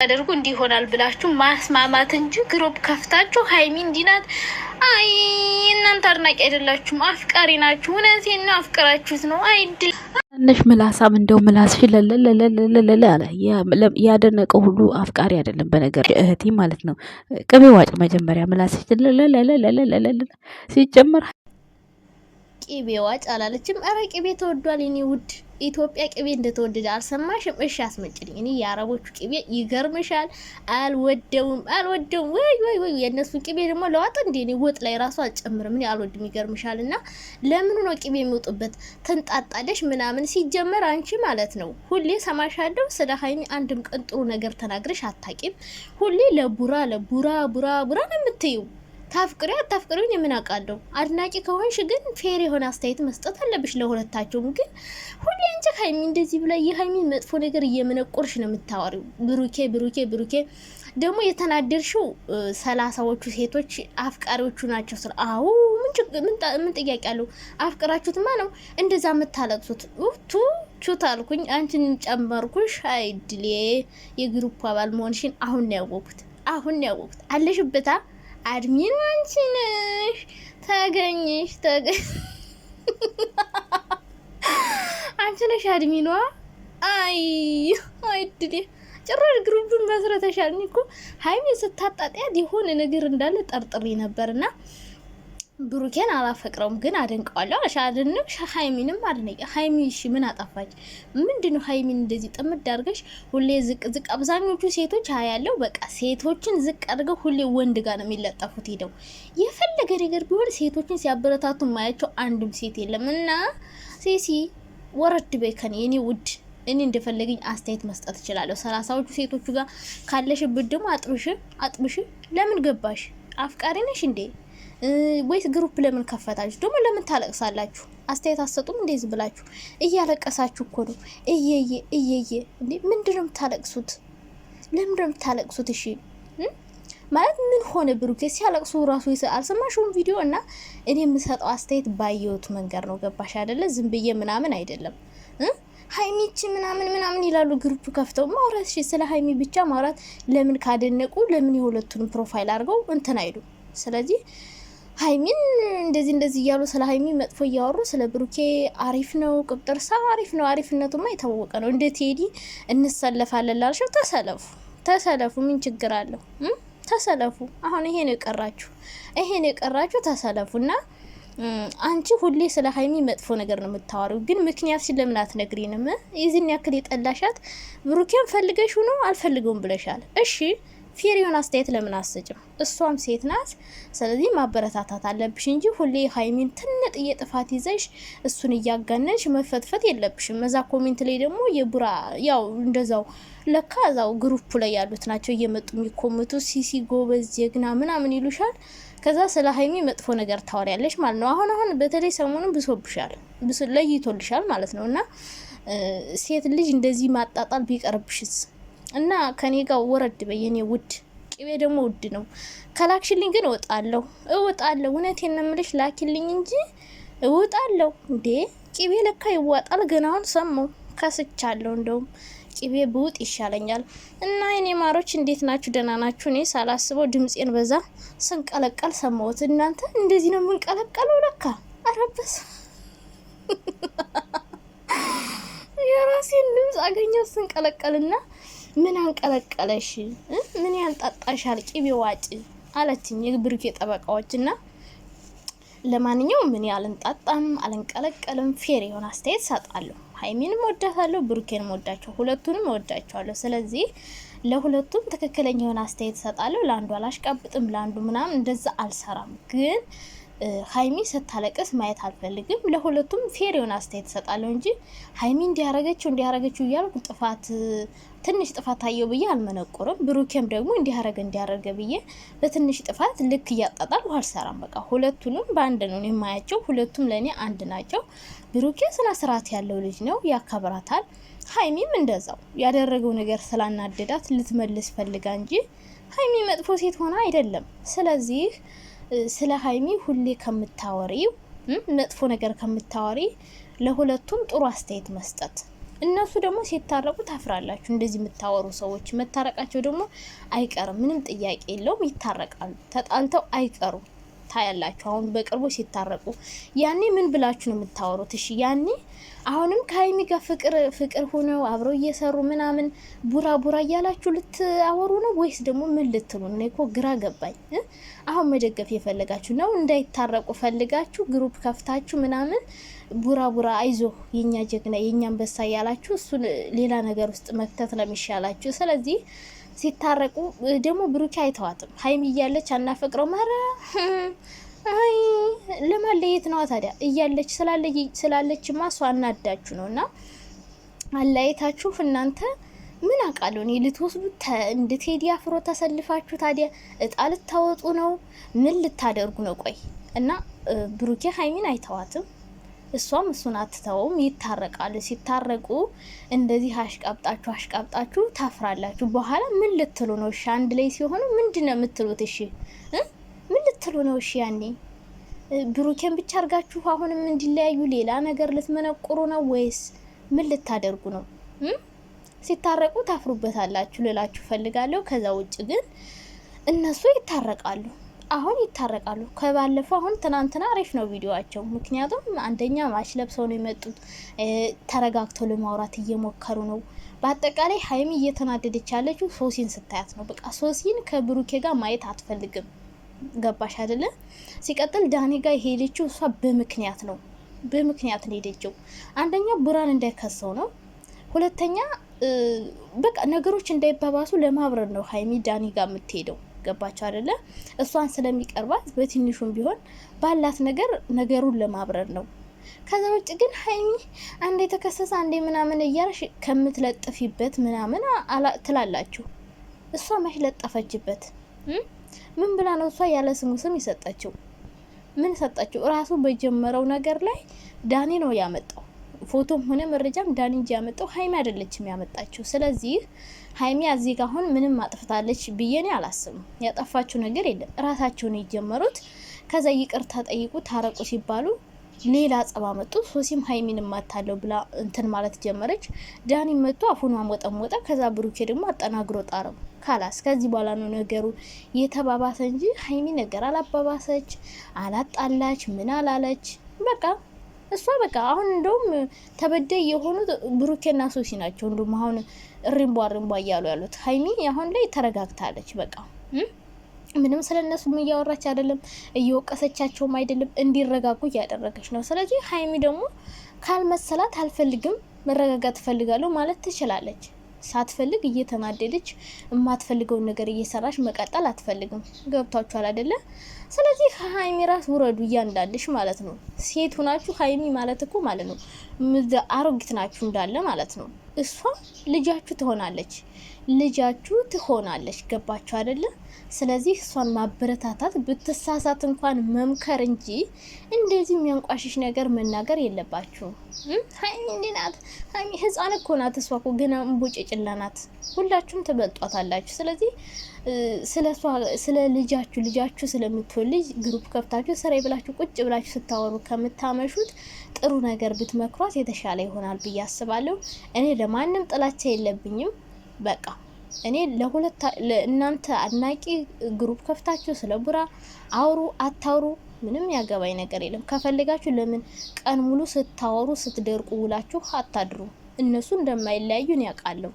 ተደርጎ እንዲሆናል ብላችሁ ማስማማት እንጂ ግሩፕ ከፍታችሁ ሀይሚ እንዲናት አይ እናንተ አድናቂ አይደላችሁም፣ አፍቃሪ ናችሁ። እውነቴን ነው አፍቅራችሁት ነው አይድ ትንሽ ምላሳም እንደው ምላስ ለለለለለለ አለ ያደነቀ ሁሉ አፍቃሪ አይደለም። በነገር እህቴ ማለት ነው ቅቤ ዋጭ መጀመሪያ ምላስ ሲጀመር ቅቤዋ ጫላለችም። ኧረ ቅቤ ተወዷል የኔ ውድ ኢትዮጵያ ቅቤ እንደተወደደ አልሰማሽም? እሺ አስመጭልኝ። እኔ የአረቦቹ ቅቤ ይገርምሻል፣ አልወደውም አልወደውም። ወይ ወይ ወይ የእነሱን ቅቤ ደግሞ ለዋጥ እንዴ እኔ ወጥ ላይ ራሱ አልጨምርም። እኔ አልወድም፣ ይገርምሻል። እና ለምኑ ነው ቅቤ የሚወጡበት? ተንጣጣለሽ ምናምን። ሲጀመር አንቺ ማለት ነው ሁሌ ሰማሻለሁ፣ ስለ ሀይሚ አንድም ቀን ጥሩ ነገር ተናግረሽ አታቂም። ሁሌ ለቡራ ለቡራ ቡራ ቡራ ነው የምትይው ታፍቅሪ አታፍቅሪውን የምን አውቃለሁ። አድናቂ ከሆንሽ ግን ፌር የሆነ አስተያየት መስጠት አለብሽ ለሁለታቸውም። ግን ሁሌ አንቺ ሀይሚ እንደዚህ ብላ የሀይሚን መጥፎ ነገር እየመነቆርሽ ነው የምታወሪው። ብሩኬ ብሩኬ ብሩኬ ደግሞ የተናደርሽው ሰላሳዎቹ ሴቶች አፍቃሪዎቹ ናቸው። ስለ አዎ ምን ጥያቄ አለው? አፍቅራችሁትማ ነው እንደዛ የምታለቅሱት። ቱ ቹት አልኩኝ አንቺን ጨመርኩሽ። አይድሌ የግሩፕ አባል መሆንሽን አሁን ነው ያወቅኩት። አሁን ነው ያወቅኩት አለሽበታ አድሚን አንቺ ነሽ ተገኘሽ ተገ አንቺ ነሽ አድሚኗ። አይ አይ ድዴ ጭራሽ ግሩቡን መስረተሻል። እኔ እኮ ሀይሜ ስታጣጥያት የሆነ ነገር እንዳለ ጠርጥሬ ነበርና ብሩኬን አላፈቅረውም ግን አደንቀዋለሁ። አሻ አደንም ሀይሚንም አድነቂ። ሀይሚ እሺ ምን አጠፋች? ምንድነው ሀይሚን እንደዚህ ጥምድ አድርገሽ ሁሌ ዝቅ ዝቅ? አብዛኞቹ ሴቶች ያለው በቃ ሴቶችን ዝቅ አድርገው ሁሌ ወንድ ጋር ነው የሚለጠፉት። ሄደው የፈለገ ነገር ቢሆን ሴቶችን ሲያበረታቱ ማያቸው አንድም ሴት የለም። እና ሴሲ ወረድ በከን የኔ ውድ እኔ እንደፈለገኝ አስተያየት መስጠት እችላለሁ። ሰላሳዎቹ ሴቶቹ ጋር ካለሽበት ደግሞ አጥብሽ አጥብሽ። ለምን ገባሽ? አፍቃሪ ነሽ እንዴ? ወይስ ግሩፕ ለምን ከፈታችሁ? ደግሞ ለምን ታለቅሳላችሁ? አስተያየት አሰጡም እንዴ? ዝም ብላችሁ እያለቀሳችሁ እኮ ነው። እየየ እየየ እንዴ! ምንድነው የምታለቅሱት? ለምንድነው የምታለቅሱት? እሺ ማለት ምን ሆነ? ብሩኬ ሲያለቅሱ ራሱ አልሰማሽውም? ቪዲዮ እና እኔ የምሰጠው አስተያየት ባየሁት መንገድ ነው። ገባሽ አይደለ? ዝም ብዬ ምናምን አይደለም። ሀይሚች ምናምን ምናምን ይላሉ ግሩፕ ከፍተው ማውራት። እሺ ስለ ሀይሚ ብቻ ማውራት ለምን ካደነቁ ለምን የሁለቱንም ፕሮፋይል አድርገው እንትን አይሉ? ስለዚህ ሀይሚን እንደዚህ እንደዚህ እያሉ ስለ ሀይሚ መጥፎ እያወሩ ስለ ብሩኬ አሪፍ ነው፣ ሰው አሪፍ ነው። አሪፍነቱማ የታወቀ ነው። እንደ ቴዲ እንሰለፋለን ላልሽው ተሰለፉ፣ ተሰለፉ። ምን ችግር አለው? ተሰለፉ። አሁን ይሄ ነው የቀራችሁ፣ ይሄ ነው የቀራችሁ። ተሰለፉ እና አንቺ ሁሌ ስለ ሀይሚ መጥፎ ነገር ነው የምታወሪው፣ ግን ምክንያት ሲ ለምን አትነግሪንም? የዚህን ያክል የጠላሻት ብሩኬን ፈልገሽ ሁኖ አልፈልገውም ብለሻል። እሺ ፌሪዮን አስተያየት ለምን አሰጭም? እሷም ሴት ናት። ስለዚህ ማበረታታት አለብሽ እንጂ ሁሌ ሀይሚን ትንጥዬ ጥፋት ይዘሽ እሱን እያጋነንሽ መፈትፈት የለብሽም። እዛ ኮሜንት ላይ ደግሞ የቡራ ያው እንደዛው ለካ እዛው ግሩፕ ላይ ያሉት ናቸው እየመጡ የሚኮምቱ ሲሲ ጎበዝ፣ ጀግና ምናምን ይሉሻል። ከዛ ስለ ሀይሚ መጥፎ ነገር ታወሪያለሽ ማለት ነው። አሁን አሁን በተለይ ሰሞኑን ብሶብሻል፣ ለይቶልሻል ማለት ነው እና ሴት ልጅ እንደዚህ ማጣጣል ቢቀርብሽስ እና ከኔ ጋር ወረድ በይ የኔ ውድ ቅቤ ደግሞ ውድ ነው። ከላክሽልኝ ግን እወጣለሁ እወጣለሁ። እውነቴን ነው የምልሽ፣ ላኪልኝ እንጂ እወጣለሁ። እንዴ ቅቤ ለካ ይዋጣል። ግን አሁን ሰማሁ ከስቻለሁ። እንደውም ቅቤ ብውጥ ይሻለኛል። እና የኔ ማሮች እንዴት ናችሁ? ደህና ናችሁ? እኔ ሳላስበው ድምጼን በዛ ስንቀለቀል ሰማሁት። እናንተ እንደዚህ ነው የምንቀለቀለው ለካ አረበስ የራሴን ድምፅ አገኘው ስንቀለቀልና ምን አንቀለቀለሽ? ምን ያንጣጣሻል? ቂቤ ዋጭ አለችኝ የብሩኬ ጠበቃዎች እና ለማንኛውም ምን አልንጣጣም፣ አልንቀለቀልም። ፌር የሆነ አስተያየት ሰጣለሁ። ሀይሚንም ወዳታለሁ፣ ብሩኬንም ወዳቸው፣ ሁለቱንም ወዳቸዋለሁ። ስለዚህ ለሁለቱም ትክክለኛ የሆነ አስተያየት ሰጣለሁ። ለአንዱ አላሽቃብጥም፣ ለአንዱ ምናምን እንደዛ አልሰራም ግን ሀይሚ ስታለቅስ ማየት አልፈልግም። ለሁለቱም ፌር የሆነ አስተያየት እሰጣለሁ እንጂ ሀይሚ እንዲያረገችው እንዲያረገችው እያልኩ ጥፋት ትንሽ ጥፋት አየው ብዬ አልመነቆርም። ብሩኬም ደግሞ እንዲያረገ እንዲያረገ ብዬ በትንሽ ጥፋት ልክ እያጣጣል አልሰራም። በቃ ሁለቱንም በአንድ ነው የማያቸው። ሁለቱም ለእኔ አንድ ናቸው። ብሩኬ ስነ ስርዓት ያለው ልጅ ነው፣ ያከብራታል። ሀይሚም እንደዛው ያደረገው ነገር ስላናደዳት ልትመልስ ፈልጋ እንጂ ሀይሚ መጥፎ ሴት ሆና አይደለም። ስለዚህ ስለ ሀይሚ ሁሌ ከምታወሪው መጥፎ ነገር ከምታወሪ ለሁለቱም ጥሩ አስተያየት መስጠት። እነሱ ደግሞ ሲታረቁ ታፍራላችሁ። እንደዚህ የምታወሩ ሰዎች መታረቃቸው ደግሞ አይቀርም፣ ምንም ጥያቄ የለውም። ይታረቃሉ። ተጣልተው አይቀሩም። ታያላችሁ። አሁን በቅርቡ ሲታረቁ ያኔ ምን ብላችሁ ነው የምታወሩት? እሺ ያኔ አሁንም ከሀይሚ ጋር ፍቅር ፍቅር ሆነው አብረው እየሰሩ ምናምን ቡራ ቡራ እያላችሁ ልትወሩ ነው ወይስ ደግሞ ምን ልትሉ ነው? እኮ ግራ ገባኝ። አሁን መደገፍ የፈለጋችሁ ነው እንዳይታረቁ ፈልጋችሁ ግሩፕ ከፍታችሁ ምናምን ቡራ ቡራ አይዞ የኛ ጀግና የኛ አንበሳ እያላችሁ እሱን ሌላ ነገር ውስጥ መክተት ነው የሚሻላችሁ። ስለዚህ ሲታረቁ ደግሞ ብሩኬ አይተዋትም። ሀይሚ እያለች አናፈቅረው መረ አይ ለማለየት ነዋ ታዲያ እያለች ስላለች ማ እሷ አናዳችሁ ነው እና አለያየታችሁ እናንተ ምን አውቃለሁ እኔ ልትወስዱ እንደ ቴዲ አፍሮ ተሰልፋችሁ ታዲያ እጣ ልታወጡ ነው? ምን ልታደርጉ ነው? ቆይ እና ብሩኬ ሀይሚን አይተዋትም። እሷም እሱን አትተውም። ይታረቃሉ። ሲታረቁ እንደዚህ አሽቃብጣችሁ አሽቃብጣችሁ ታፍራላችሁ። በኋላ ምን ልትሉ ነው? እሺ አንድ ላይ ሲሆኑ ምንድን ነው የምትሉት? እሺ ምን ልትሉ ነው? እሺ ያኔ ብሩኬን ብቻ አድርጋችሁ አሁንም እንዲለያዩ ሌላ ነገር ልትመነቁሩ ነው ወይስ ምን ልታደርጉ ነው? ሲታረቁ ታፍሩበታላችሁ ልላችሁ ፈልጋለሁ። ከዛ ውጭ ግን እነሱ ይታረቃሉ። አሁን ይታረቃሉ። ከባለፈው አሁን ትናንትና አሪፍ ነው ቪዲዮቸው ምክንያቱም አንደኛ ማች ለብሰው ነው የመጡት፣ ተረጋግተው ለማውራት እየሞከሩ ነው። በአጠቃላይ ሀይሚ እየተናደደች ያለችው ሶሲን ስታያት ነው። በቃ ሶሲን ከብሩኬ ጋር ማየት አትፈልግም። ገባሽ አይደለ? ሲቀጥል ዳኒ ጋር የሄደችው እሷ በምክንያት ነው በምክንያት ነው የሄደችው። አንደኛ ቡራን እንዳይከሰው ነው። ሁለተኛ በቃ ነገሮች እንዳይባባሱ ለማብረር ነው ሀይሚ ዳኒ ጋር የምትሄደው። ገባቸው አይደለ? እሷን ስለሚቀርባት በትንሹም ቢሆን ባላት ነገር ነገሩን ለማብረር ነው። ከዛ ውጭ ግን ሀይሚ አንዴ የተከሰሰ አንዴ ምናምን እያልሽ ከምትለጥፊበት ምናምን ትላላችሁ። እሷ መች ለጠፈችበት? ምን ብላ ነው እሷ ያለ ስሙ ስም የሰጠችው? ምን ሰጠችው? እራሱ በጀመረው ነገር ላይ ዳኒ ነው ያመጣው። ፎቶም ሆነ መረጃም ዳኒ እንጂ ያመጣው ሀይሚ አይደለችም ያመጣችው። ስለዚህ ሀይሚ እዚህ ጋር አሁን ምንም አጥፍታለች ብዬ እኔ አላስብም። ያጠፋችው ነገር የለም። ራሳቸውን የጀመሩት ከዛ ይቅርታ ጠይቁ ታረቁ ሲባሉ ሌላ አጸባ መጡ። ሶሲም ሀይሚን ማታለው ብላ እንትን ማለት ጀመረች። ዳኒ መጥቶ አፉን ማሞጠሞጠ። ከዛ ብሩኬ ደግሞ አጠናግሮ ጣረው። ካላስ ከዚህ በኋላ ነው ነገሩ የተባባሰ እንጂ ሀይሚ ነገር አላባባሰች፣ አላጣላች፣ ምን አላለች በቃ እሷ በቃ አሁን እንደውም ተበዳይ የሆኑት ብሩኬና ሶሲ ናቸው። እንዲሁም አሁን ሪምቧ ሪምቧ እያሉ ያሉት ሀይሚ አሁን ላይ ተረጋግታለች። በቃ ምንም ስለ እነሱ እያወራች አይደለም፣ እየወቀሰቻቸውም አይደለም። እንዲረጋጉ እያደረገች ነው። ስለዚህ ሀይሚ ደግሞ ካልመሰላት አልፈልግም መረጋጋት እፈልጋለሁ ማለት ትችላለች። ሳትፈልግ እየተናደደች የማትፈልገውን ነገር እየሰራች መቀጠል አትፈልግም። ገብቷችኋል አይደለ? ስለዚህ ከሀይሚ ራስ ውረዱ እያንዳንድሽ ማለት ነው። ሴት ሁናችሁ ሀይሚ ማለት እኮ ማለት ነው አሮጊት ናችሁ እንዳለ ማለት ነው። እሷ ልጃችሁ ትሆናለች ልጃችሁ ትሆናለች። ገባችሁ አይደለ? ስለዚህ እሷን ማበረታታት ብትሳሳት እንኳን መምከር እንጂ እንደዚህ የሚያንቋሽሽ ነገር መናገር የለባችሁ። ሀይሚ ናት፣ ሀይሚ ህፃን እኮ ናት። እሷ እኮ ገና ጭላ ናት። ሁላችሁም ትበልጧታላችሁ። ስለዚህ ስለ ልጃችሁ ልጃችሁ ስለምትሆን ልጅ ግሩፕ ከፍታችሁ ስራ ብላችሁ ቁጭ ብላችሁ ስታወሩ ከምታመሹት ጥሩ ነገር ብትመክሯት የተሻለ ይሆናል ብዬ አስባለሁ። እኔ ለማንም ጥላቻ የለብኝም። በቃ እኔ ለሁለት እናንተ አድናቂ ግሩፕ ከፍታችሁ ስለ ቡራ አውሩ አታውሩ ምንም ያገባኝ ነገር የለም። ከፈለጋችሁ ለምን ቀን ሙሉ ስታወሩ ስትደርቁ ውላችሁ አታድሩ። እነሱ እንደማይለያዩ ያውቃለሁ።